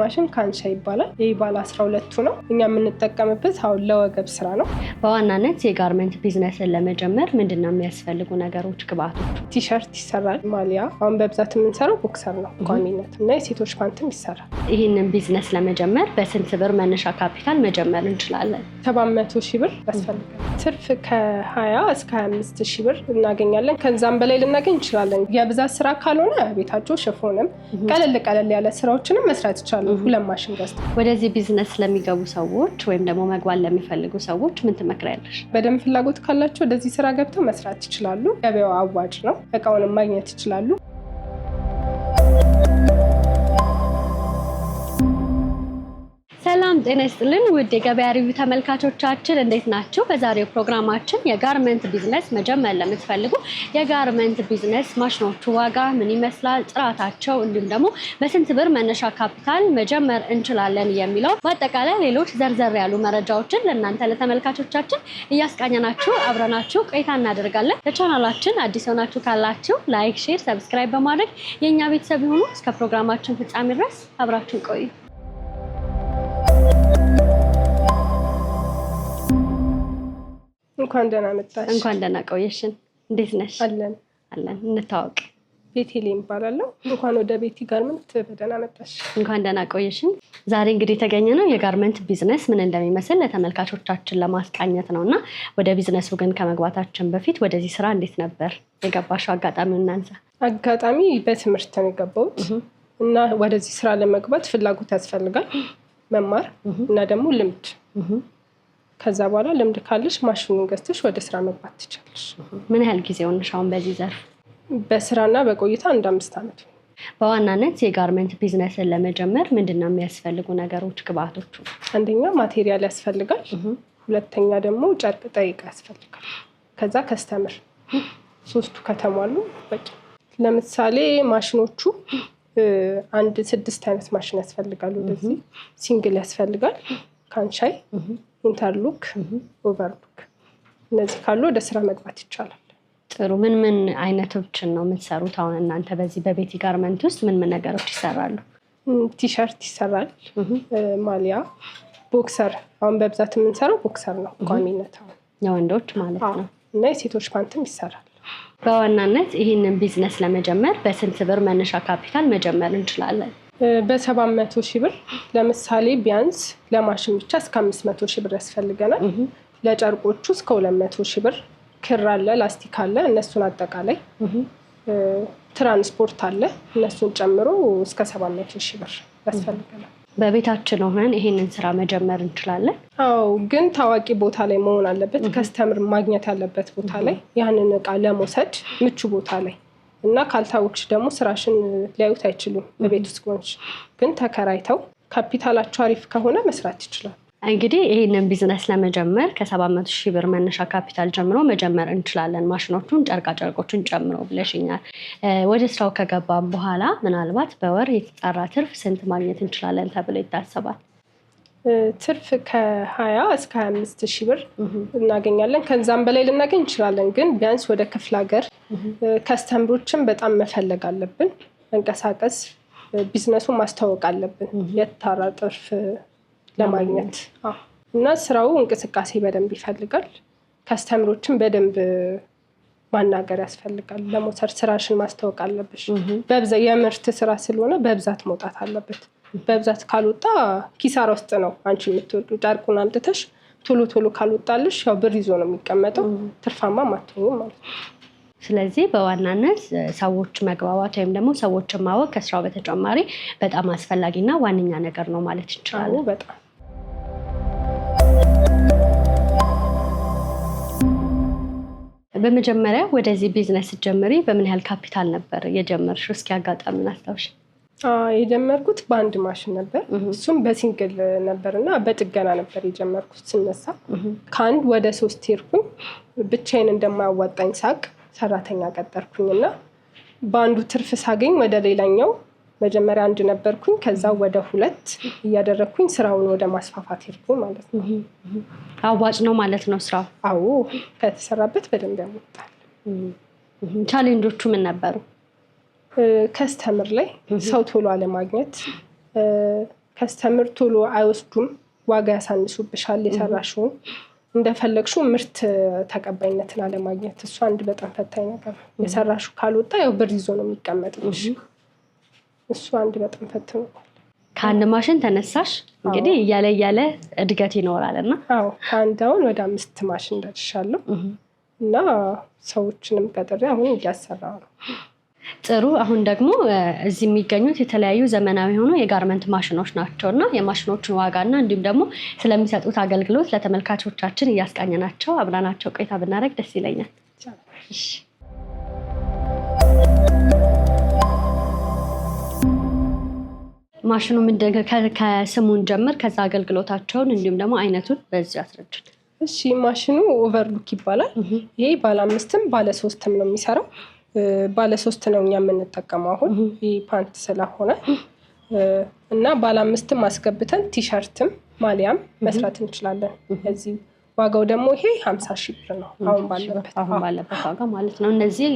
ማሽን ካንሻ ይባላል። ይህ ባለ 12 ሁለቱ ነው። እኛ የምንጠቀምበት አሁን ለወገብ ስራ ነው። በዋናነት የጋርመንት ቢዝነስን ለመጀመር ምንድነው የሚያስፈልጉ ነገሮች? ግብአቶች ቲሸርት ይሰራል፣ ማሊያ። አሁን በብዛት የምንሰራው ቦክሰር ነው ቋሚነት እና የሴቶች ፓንትም ይሰራል። ይህንን ቢዝነስ ለመጀመር በስንት ብር መነሻ ካፒታል መጀመር እንችላለን? ሰባት መቶ ሺህ ብር ያስፈልጋል። ትርፍ ከ20 እስከ 25 ሺህ ብር እናገኛለን። ከዛም በላይ ልናገኝ እንችላለን። የብዛት ስራ ካልሆነ ቤታቸው ሽፎንም ቀለል ቀለል ያለ ስራዎችንም መስራት ይቻላል። ሁለት ማሽን ገዝተው። ወደዚህ ቢዝነስ ለሚገቡ ሰዎች ወይም ደግሞ መግባል ለሚፈልጉ ሰዎች ምን ትመክሪያለሽ? በደንብ ፍላጎት ካላቸው ወደዚህ ስራ ገብተው መስራት ይችላሉ። ገበያው አዋጭ ነው። እቃውንም ማግኘት ይችላሉ። ጤና ይስጥልን ውድ የገበያ ሪቪው ተመልካቾቻችን እንዴት ናቸው? በዛሬው ፕሮግራማችን የጋርመንት ቢዝነስ መጀመር ለምትፈልጉ የጋርመንት ቢዝነስ ማሽኖቹ ዋጋ ምን ይመስላል፣ ጥራታቸው፣ እንዲሁም ደግሞ በስንት ብር መነሻ ካፒታል መጀመር እንችላለን የሚለው በአጠቃላይ ሌሎች ዘርዘር ያሉ መረጃዎችን ለእናንተ ለተመልካቾቻችን እያስቃኘናችሁ አብረናችሁ ቆይታ እናደርጋለን። ለቻናላችን አዲስ የሆናችሁ ካላችሁ ላይክ፣ ሼር፣ ሰብስክራይብ በማድረግ የእኛ ቤተሰብ የሆኑ እስከ ፕሮግራማችን ፍጻሜ ድረስ አብራችሁን ቆዩ። እንኳን ደህና መጣሽ። እንኳን ደህና ቆየሽን። እንዴት ነሽ? አለን አለን። እንታወቅ። ቤቴሌም እባላለሁ። እንኳን ወደ ቤቲ ጋርመንት በደህና መጣሽ። እንኳን ደህና ቆየሽን። ዛሬ እንግዲህ የተገኘ ነው የጋርመንት ቢዝነስ ምን እንደሚመስል ለተመልካቾቻችን ለማስቃኘት ነው እና ወደ ቢዝነሱ ግን ከመግባታችን በፊት ወደዚህ ስራ እንዴት ነበር የገባሽው? አጋጣሚው እናንሳ። አጋጣሚ በትምህርት ነው የገባሁት እና ወደዚህ ስራ ለመግባት ፍላጎት ያስፈልጋል መማር እና ደግሞ ልምድ ከዛ በኋላ ልምድ ካለሽ ማሽኑን ገዝተሽ ወደ ስራ መግባት ትችላለሽ። ምን ያህል ጊዜ ሆነሽ አሁን በዚህ ዘርፍ? በስራና በቆይታ አንድ አምስት ዓመት። በዋናነት የጋርመንት ቢዝነስን ለመጀመር ምንድን ነው የሚያስፈልጉ ነገሮች ግብአቶቹ? አንደኛ ማቴሪያል ያስፈልጋል። ሁለተኛ ደግሞ ጨርቅ ጠይቃ ያስፈልጋል። ከዛ ከስተምር፣ ሶስቱ ከተሟሉ በቂ። ለምሳሌ ማሽኖቹ አንድ ስድስት አይነት ማሽን ያስፈልጋል። ወደዚህ ሲንግል ያስፈልጋል፣ ካንሻይ ኢንተርሉክ፣ ኦቨርሉክ mm-hmm. እነዚህ ካሉ ወደ ስራ መግባት ይቻላል። ጥሩ። ምን ምን አይነቶችን ነው የምትሰሩት? አሁን እናንተ በዚህ በቤቲ ጋርመንት ውስጥ ምን ምን ነገሮች ይሰራሉ? ቲሸርት ይሰራል፣ mm-hmm. ማሊያ፣ ቦክሰር። አሁን በብዛት የምንሰራው ቦክሰር ነው mm-hmm. ቋሚነት፣ አሁን የወንዶች ማለት ነው እና የሴቶች ፓንትም ይሰራል። በዋናነት ይህንን ቢዝነስ ለመጀመር በስንት ብር መነሻ ካፒታል መጀመር እንችላለን? በሰባት መቶ ሺህ ብር ለምሳሌ ቢያንስ ለማሽን ብቻ እስከ አምስት መቶ ሺህ ብር ያስፈልገናል። ለጨርቆቹ እስከ ሁለት መቶ ሺህ ብር ክር አለ፣ ላስቲክ አለ፣ እነሱን አጠቃላይ ትራንስፖርት አለ፣ እነሱን ጨምሮ እስከ ሰባት መቶ ሺህ ብር ያስፈልገናል። በቤታችን ሆነን ይሄንን ስራ መጀመር እንችላለን። አዎ፣ ግን ታዋቂ ቦታ ላይ መሆን አለበት። ከስተምር ማግኘት ያለበት ቦታ ላይ ያንን እቃ ለመውሰድ ምቹ ቦታ ላይ እና ካልታወቅሽ ደግሞ ስራሽን ሊያዩት አይችሉም። በቤት ውስጥ ሆንሽ ግን ተከራይተው ካፒታላቸው አሪፍ ከሆነ መስራት ይችላል። እንግዲህ ይህንን ቢዝነስ ለመጀመር ከሰባት መቶ ሺህ ብር መነሻ ካፒታል ጀምሮ መጀመር እንችላለን፣ ማሽኖቹን፣ ጨርቃጨርቆቹን ጨምሮ ብለሽኛል። ወደ ስራው ከገባም በኋላ ምናልባት በወር የተጣራ ትርፍ ስንት ማግኘት እንችላለን ተብሎ ይታሰባል? ትርፍ ከ20 እስከ 25 ሺህ ብር እናገኛለን። ከዛም በላይ ልናገኝ እንችላለን። ግን ቢያንስ ወደ ክፍለ ሀገር ከስተምሮችን በጣም መፈለግ አለብን። መንቀሳቀስ፣ ቢዝነሱን ማስተዋወቅ አለብን የተጣራ ትርፍ ለማግኘት እና ስራው እንቅስቃሴ በደንብ ይፈልጋል። ከስተምሮችን በደንብ ማናገር ያስፈልጋል። ለሞተር ስራሽን ማስታወቅ አለብሽ። የምርት ስራ ስለሆነ በብዛት መውጣት አለበት። በብዛት ካልወጣ ኪሳራ ውስጥ ነው አንቺ የምትወዱ ጨርቁን አምጥተሽ ቶሎ ቶሎ ካልወጣልሽ ያው ብር ይዞ ነው የሚቀመጠው። ትርፋማ አትሆኑም ማለት ነው። ስለዚህ በዋናነት ሰዎች መግባባት ወይም ደግሞ ሰዎችን ማወቅ ከስራው በተጨማሪ በጣም አስፈላጊና ዋነኛ ነገር ነው ማለት እንችላለን። በጣም በመጀመሪያ ወደዚህ ቢዝነስ ጀምሪ፣ በምን ያህል ካፒታል ነበር የጀመርሽው? እስኪ አጋጣሚውን አስታውሽ። የጀመርኩት በአንድ ማሽን ነበር። እሱም በሲንግል ነበር እና በጥገና ነበር የጀመርኩት። ስነሳ ከአንድ ወደ ሶስት ሄድኩኝ። ብቻዬን እንደማያዋጣኝ ሳቅ ሰራተኛ ቀጠርኩኝ እና በአንዱ ትርፍ ሳገኝ ወደ ሌላኛው መጀመሪያ አንድ ነበርኩኝ። ከዛ ወደ ሁለት እያደረግኩኝ ስራውን ወደ ማስፋፋት ይርኩ ማለት ነው። አዋጭ ነው ማለት ነው ስራው? አዎ ከተሰራበት በደንብ ያመጣል። ቻሌንጆቹ ምን ነበሩ? ከስተምር ላይ ሰው ቶሎ አለማግኘት፣ ከስተምር ቶሎ አይወስዱም፣ ዋጋ ያሳንሱብሻል የሰራሽውን እንደፈለግሽው ምርት ተቀባይነትን አለማግኘት እሱ አንድ በጣም ፈታኝ ነገር ነው። የሰራሽው ካልወጣ ያው ብር ይዞ ነው የሚቀመጥልሽ። እሱ አንድ በጣም ፈትኖ ከአንድ ማሽን ተነሳሽ እንግዲህ እያለ እያለ እድገት ይኖራል እና አዎ ከአንድ አሁን ወደ አምስት ማሽን ደርሻለሁ እና ሰዎችንም ቀጥሬ አሁን እያሰራ ነው። ጥሩ። አሁን ደግሞ እዚህ የሚገኙት የተለያዩ ዘመናዊ የሆኑ የጋርመንት ማሽኖች ናቸው እና የማሽኖቹን ዋጋና እንዲሁም ደግሞ ስለሚሰጡት አገልግሎት ለተመልካቾቻችን ናቸው። አብራናቸው ቆይታ ብናደረግ ደስ ይለኛል። ማሽኑ ከስሙን ጀምር፣ ከዛ አገልግሎታቸውን እንዲሁም ደግሞ አይነቱን በዚሁ ያስረዱን። እሺ፣ ማሽኑ ኦቨርሉክ ይባላል። ይሄ ባለ አምስትም ባለ ሶስትም ነው የሚሰራው ባለ ሶስት ነው እኛ የምንጠቀመው አሁን ይህ ፓንት ስለሆነ እና ባለ አምስትም አስገብተን ቲሸርትም ማሊያም መስራት እንችላለን። እዚህ ዋጋው ደግሞ ይሄ ሀምሳ ሺ ብር ነው አሁን አሁን ባለበት ዋጋ ማለት ነው። እነዚህ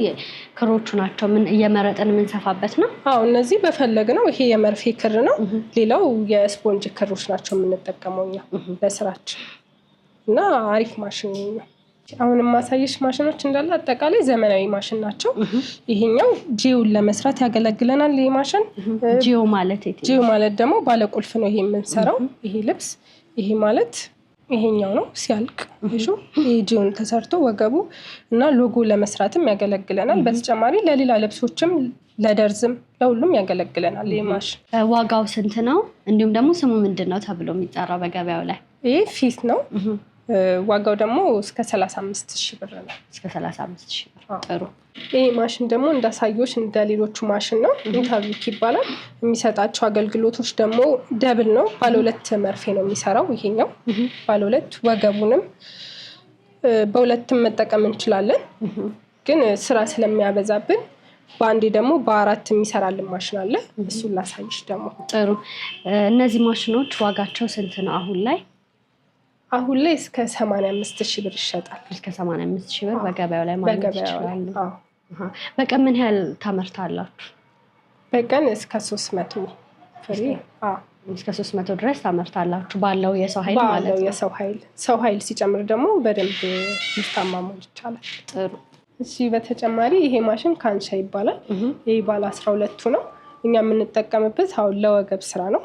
ክሮቹ ናቸው ምን እየመረጠን የምንሰፋበት ነው። አዎ እነዚህ በፈለግ ነው። ይሄ የመርፌ ክር ነው። ሌላው የስፖንጅ ክሮች ናቸው የምንጠቀመው እኛ ለስራችን እና አሪፍ ማሽን ነው። አሁን የማሳየሽ ማሽኖች እንዳለ አጠቃላይ ዘመናዊ ማሽን ናቸው። ይሄኛው ጂውን ለመስራት ያገለግለናል። ይህ ማሽን ጂዮ ማለት ጂዮ ማለት ደግሞ ባለቁልፍ ነው። ይሄ የምንሰራው ይሄ ልብስ ይሄ ማለት ይሄኛው ነው ሲያልቅ ጂውን ተሰርቶ ወገቡ እና ሎጎ ለመስራትም ያገለግለናል። በተጨማሪ ለሌላ ልብሶችም ለደርዝም ለሁሉም ያገለግለናል። ይህ ማሽን ዋጋው ስንት ነው? እንዲሁም ደግሞ ስሙ ምንድን ነው ተብሎ የሚጠራው በገበያው ላይ ይህ ፊት ነው ዋጋው ደግሞ እስከ 35 ሺህ ብር ነው። እስከ ሺህ ብር ጥሩ። ይህ ማሽን ደግሞ እንዳሳዮች እንደ ሌሎቹ ማሽን ነው። ኢንተርቪክ ይባላል። የሚሰጣቸው አገልግሎቶች ደግሞ ደብል ነው። ባለሁለት መርፌ ነው የሚሰራው ይሄኛው ባለሁለት። ወገቡንም በሁለትም መጠቀም እንችላለን፣ ግን ስራ ስለሚያበዛብን በአንዴ ደግሞ በአራት የሚሰራልን ማሽን አለ። እሱን ላሳይሽ ደግሞ። ጥሩ። እነዚህ ማሽኖች ዋጋቸው ስንት ነው አሁን ላይ? አሁን ላይ እስከ 85 ሺህ ብር ይሸጣል። እስከ 85 ሺህ ብር በገበያው ላይ ማግኘት ይችላሉ። በቀን ምን ያህል ታመርታላችሁ? በቀን እስከ 300 ፍሬ እስከ 300 ድረስ ታመርታላችሁ ባለው የሰው ኃይል ማለት ነው። የሰው ኃይል ሰው ኃይል ሲጨምር ደግሞ በደንብ ምርታማ መሆን ይቻላል። ጥሩ። እሺ፣ በተጨማሪ ይሄ ማሽን ካንሻ ይባላል። ይህ ባለ አስራ ሁለቱ ነው። እኛ የምንጠቀምበት አሁን ለወገብ ስራ ነው።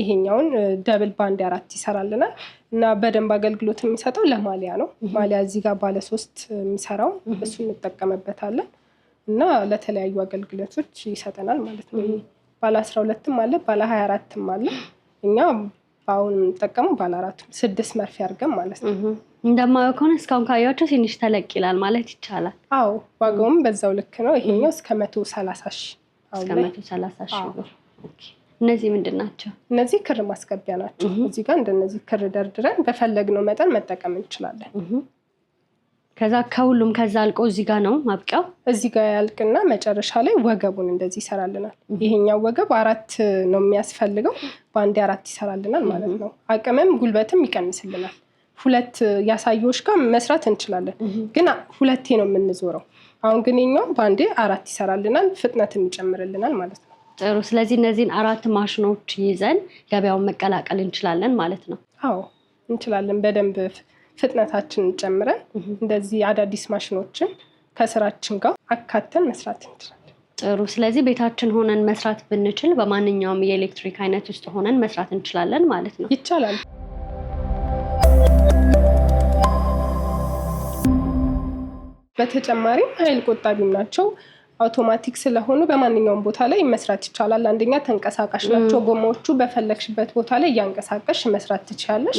ይሄኛውን ደብል ባንድ አራት ይሰራልናል እና በደንብ አገልግሎት የሚሰጠው ለማሊያ ነው። ማሊያ እዚህ ጋር ባለሶስት የሚሰራው እሱ እንጠቀምበታለን እና ለተለያዩ አገልግሎቶች ይሰጠናል ማለት ነው። ባለ አስራ ሁለትም አለ ባለ ሀያ አራትም አለ። እኛ በአሁን የምንጠቀመው ባለ አራቱ ስድስት መርፌ አድርገን ማለት ነው። እንደማየው ከሆነ እስካሁን ካያቸው ትንሽ ተለቅ ይላል ማለት ይቻላል። አዎ ዋጋውም በዛው ልክ ነው። ይሄኛው እስከ መቶ ሰላሳ ሺህ እስከ መቶ ሰላሳ ብር። እነዚህ ምንድን ናቸው? እነዚህ ክር ማስገቢያ ናቸው። እዚህ ጋር እንደነዚህ ክር ደርድረን በፈለግነው መጠን መጠቀም እንችላለን። ከዛ ከሁሉም ከዛ አልቆ እዚህ ጋር ነው ማብቂያው። እዚህ ጋር ያልቅና መጨረሻ ላይ ወገቡን እንደዚህ ይሰራልናል። ይሄኛው ወገብ አራት ነው የሚያስፈልገው፣ በአንዴ አራት ይሰራልናል ማለት ነው። አቅምም ጉልበትም ይቀንስልናል። ሁለት ያሳየዎች ጋር መስራት እንችላለን። ግን ሁለቴ ነው የምንዞረው። አሁን ግን ኛው በአንዴ አራት ይሰራልናል፣ ፍጥነትም ይጨምርልናል ማለት ነው። ጥሩ። ስለዚህ እነዚህን አራት ማሽኖች ይዘን ገበያውን መቀላቀል እንችላለን ማለት ነው። አዎ እንችላለን። በደንብ ፍጥነታችንን ጨምረን እንደዚህ አዳዲስ ማሽኖችን ከስራችን ጋር አካተን መስራት እንችላለን። ጥሩ። ስለዚህ ቤታችን ሆነን መስራት ብንችል በማንኛውም የኤሌክትሪክ አይነት ውስጥ ሆነን መስራት እንችላለን ማለት ነው። ይቻላል። በተጨማሪም ኃይል ቆጣቢም ናቸው። አውቶማቲክ ስለሆኑ በማንኛውም ቦታ ላይ መስራት ይቻላል። አንደኛ ተንቀሳቃሽ ናቸው ጎማዎቹ፣ በፈለግሽበት ቦታ ላይ እያንቀሳቀሽ መስራት ትችላለሽ።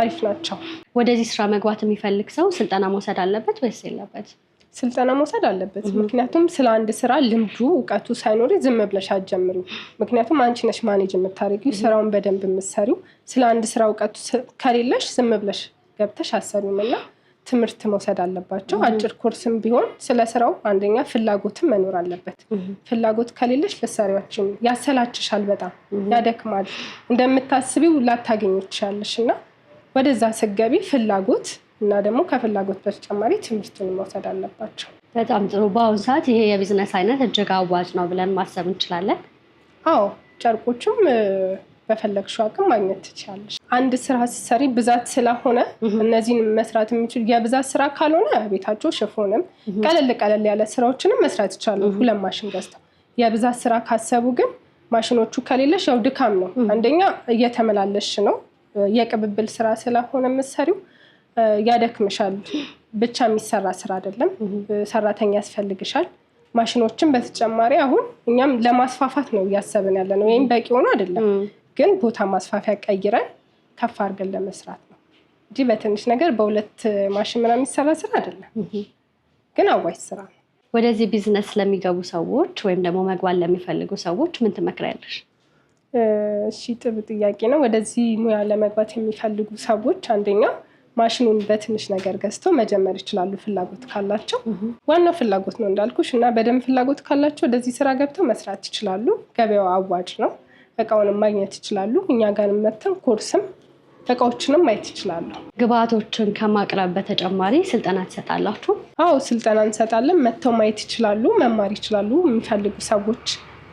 አሪፍ ናቸው። ወደዚህ ስራ መግባት የሚፈልግ ሰው ስልጠና መውሰድ አለበት ወይስ የለበት? ስልጠና መውሰድ አለበት። ምክንያቱም ስለ አንድ ስራ ልምዱ እውቀቱ ሳይኖር ዝም ብለሽ አትጀምሪው። ምክንያቱም አንቺ ነሽ ማኔጅ የምታደርጊው ስራውን በደንብ የምትሰሪው። ስለ አንድ ስራ እውቀቱ ከሌለሽ ዝም ብለሽ ገብተሽ አሰሪም እና ትምህርት መውሰድ አለባቸው። አጭር ኮርስም ቢሆን ስለ ስራው አንደኛ ፍላጎትም መኖር አለበት። ፍላጎት ከሌለሽ ልትሰሪያችን ያሰላችሻል፣ በጣም ያደክማል፣ እንደምታስቢው ላታገኝ ትችያለሽ። እና ወደዛ ስገቢ ፍላጎት እና ደግሞ ከፍላጎት በተጨማሪ ትምህርትን መውሰድ አለባቸው። በጣም ጥሩ። በአሁኑ ሰዓት ይሄ የቢዝነስ አይነት እጅግ አዋጭ ነው ብለን ማሰብ እንችላለን። አዎ ጨርቆቹም በፈለግሽው አቅም ማግኘት ትችላለሽ። አንድ ስራ ስትሰሪ ብዛት ስለሆነ እነዚህን መስራት የሚችል የብዛት ስራ ካልሆነ ቤታቸው ሽፎንም ቀለል ቀለል ያለ ስራዎችንም መስራት ይቻላል፣ ሁለት ማሽን ገዝተው። የብዛት ስራ ካሰቡ ግን ማሽኖቹ ከሌለሽ ያው ድካም ነው። አንደኛ እየተመላለሽ ነው፣ የቅብብል ስራ ስለሆነ የምትሰሪው ያደክምሻል። ብቻ የሚሰራ ስራ አይደለም፣ ሰራተኛ ያስፈልግሻል። ማሽኖችን በተጨማሪ አሁን እኛም ለማስፋፋት ነው እያሰብን ያለ ነው። ይህም በቂ ሆኖ አይደለም። ግን ቦታ ማስፋፊያ ቀይረን ከፍ አድርገን ለመስራት ነው እንጂ በትንሽ ነገር በሁለት ማሽን ምናምን የሚሰራ ስራ አይደለም፣ ግን አዋጭ ስራ ነው። ወደዚህ ቢዝነስ ለሚገቡ ሰዎች ወይም ደግሞ መግባል ለሚፈልጉ ሰዎች ምን ትመክሪያለሽ? እሺ ጥብ ጥያቄ ነው። ወደዚህ ሙያ ለመግባት የሚፈልጉ ሰዎች አንደኛ ማሽኑን በትንሽ ነገር ገዝተው መጀመር ይችላሉ፣ ፍላጎት ካላቸው። ዋናው ፍላጎት ነው እንዳልኩሽ እና በደንብ ፍላጎት ካላቸው ወደዚህ ስራ ገብተው መስራት ይችላሉ። ገበያው አዋጭ ነው። እቃውንም ማግኘት ይችላሉ። እኛ ጋር መተን ኮርስም እቃዎችንም ማየት ይችላሉ። ግብአቶችን ከማቅረብ በተጨማሪ ስልጠና ትሰጣላችሁ? አዎ ስልጠና እንሰጣለን። መጥተው ማየት ይችላሉ፣ መማር ይችላሉ። የሚፈልጉ ሰዎች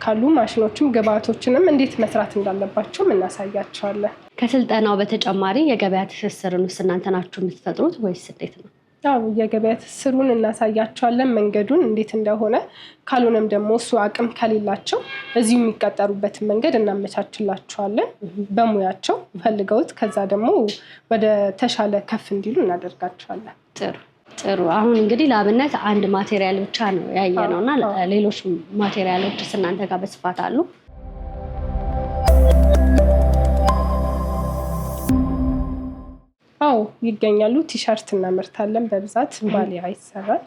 ካሉ ማሽኖችም ግብአቶችንም እንዴት መስራት እንዳለባቸውም እናሳያቸዋለን። ከስልጠናው በተጨማሪ የገበያ ትስስርን ውስጥ እናንተ ናችሁ የምትፈጥሩት ወይስ እንዴት ነው? ያው የገበያ ትስስሩን እናሳያቸዋለን መንገዱን እንዴት እንደሆነ። ካልሆነም ደግሞ እሱ አቅም ከሌላቸው እዚሁ የሚቀጠሩበትን መንገድ እናመቻችላቸዋለን በሙያቸው ፈልገውት፣ ከዛ ደግሞ ወደ ተሻለ ከፍ እንዲሉ እናደርጋቸዋለን። ጥሩ ጥሩ። አሁን እንግዲህ ለአብነት አንድ ማቴሪያል ብቻ ነው ያየ ነው እና ሌሎች ማቴሪያሎች እናንተ ጋር በስፋት አሉ። አዎ ይገኛሉ። ቲሸርት እናመርታለን በብዛት ባሊያ ይሰራል።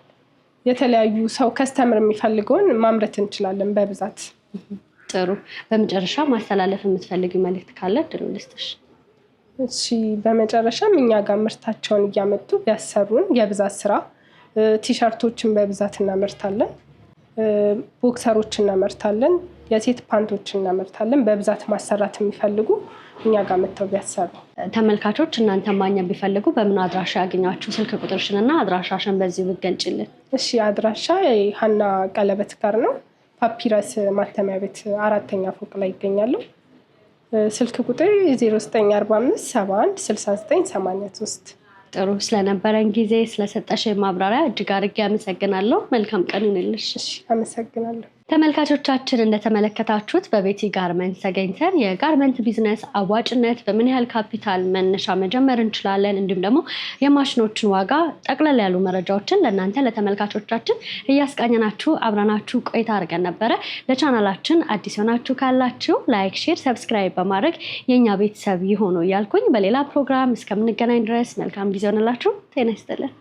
የተለያዩ ሰው ከስተምር የሚፈልገውን ማምረት እንችላለን በብዛት። ጥሩ። በመጨረሻ ማስተላለፍ የምትፈልጊው መልዕክት ካለ እድሉን ልስጥሽ። እሺ፣ በመጨረሻም እኛ ጋር ምርታቸውን እያመጡ ቢያሰሩን የብዛት ስራ ቲሸርቶችን በብዛት እናመርታለን። ቦክሰሮች እናመርታለን። የሴት ፓንቶች እናመርታለን በብዛት ማሰራት የሚፈልጉ እኛ ጋር መጥተው ቢያሰሩ። ተመልካቾች እናንተ ማኛ ቢፈልጉ በምን አድራሻ ያገኛችሁ? ስልክ ቁጥርሽን እና አድራሻሽን በዚህ ብትገልጪልን። እሺ አድራሻ ሀና ቀለበት ጋር ነው። ፓፒረስ ማተሚያ ቤት አራተኛ ፎቅ ላይ ይገኛሉ። ስልክ ቁጥር 0945716983 ጥሩ ስለነበረን ጊዜ ስለሰጠሽ ማብራሪያ እጅግ አድርጌ አመሰግናለሁ። መልካም ቀን ይሁንልሽ። አመሰግናለሁ። ተመልካቾቻችን እንደተመለከታችሁት በቤቲ ጋርመንት ተገኝተን የጋርመንት ቢዝነስ አዋጭነት በምን ያህል ካፒታል መነሻ መጀመር እንችላለን፣ እንዲሁም ደግሞ የማሽኖችን ዋጋ ጠቅለል ያሉ መረጃዎችን ለእናንተ ለተመልካቾቻችን እያስቃኘናችሁ አብረናችሁ ቆይታ አድርገን ነበረ። ለቻናላችን አዲስ የሆናችሁ ካላችሁ ላይክ፣ ሼር፣ ሰብስክራይብ በማድረግ የእኛ ቤተሰብ ይሆኑ እያልኩኝ በሌላ ፕሮግራም እስከምንገናኝ ድረስ መልካም ጊዜ ሆነላችሁ። ጤና ይስጥልን።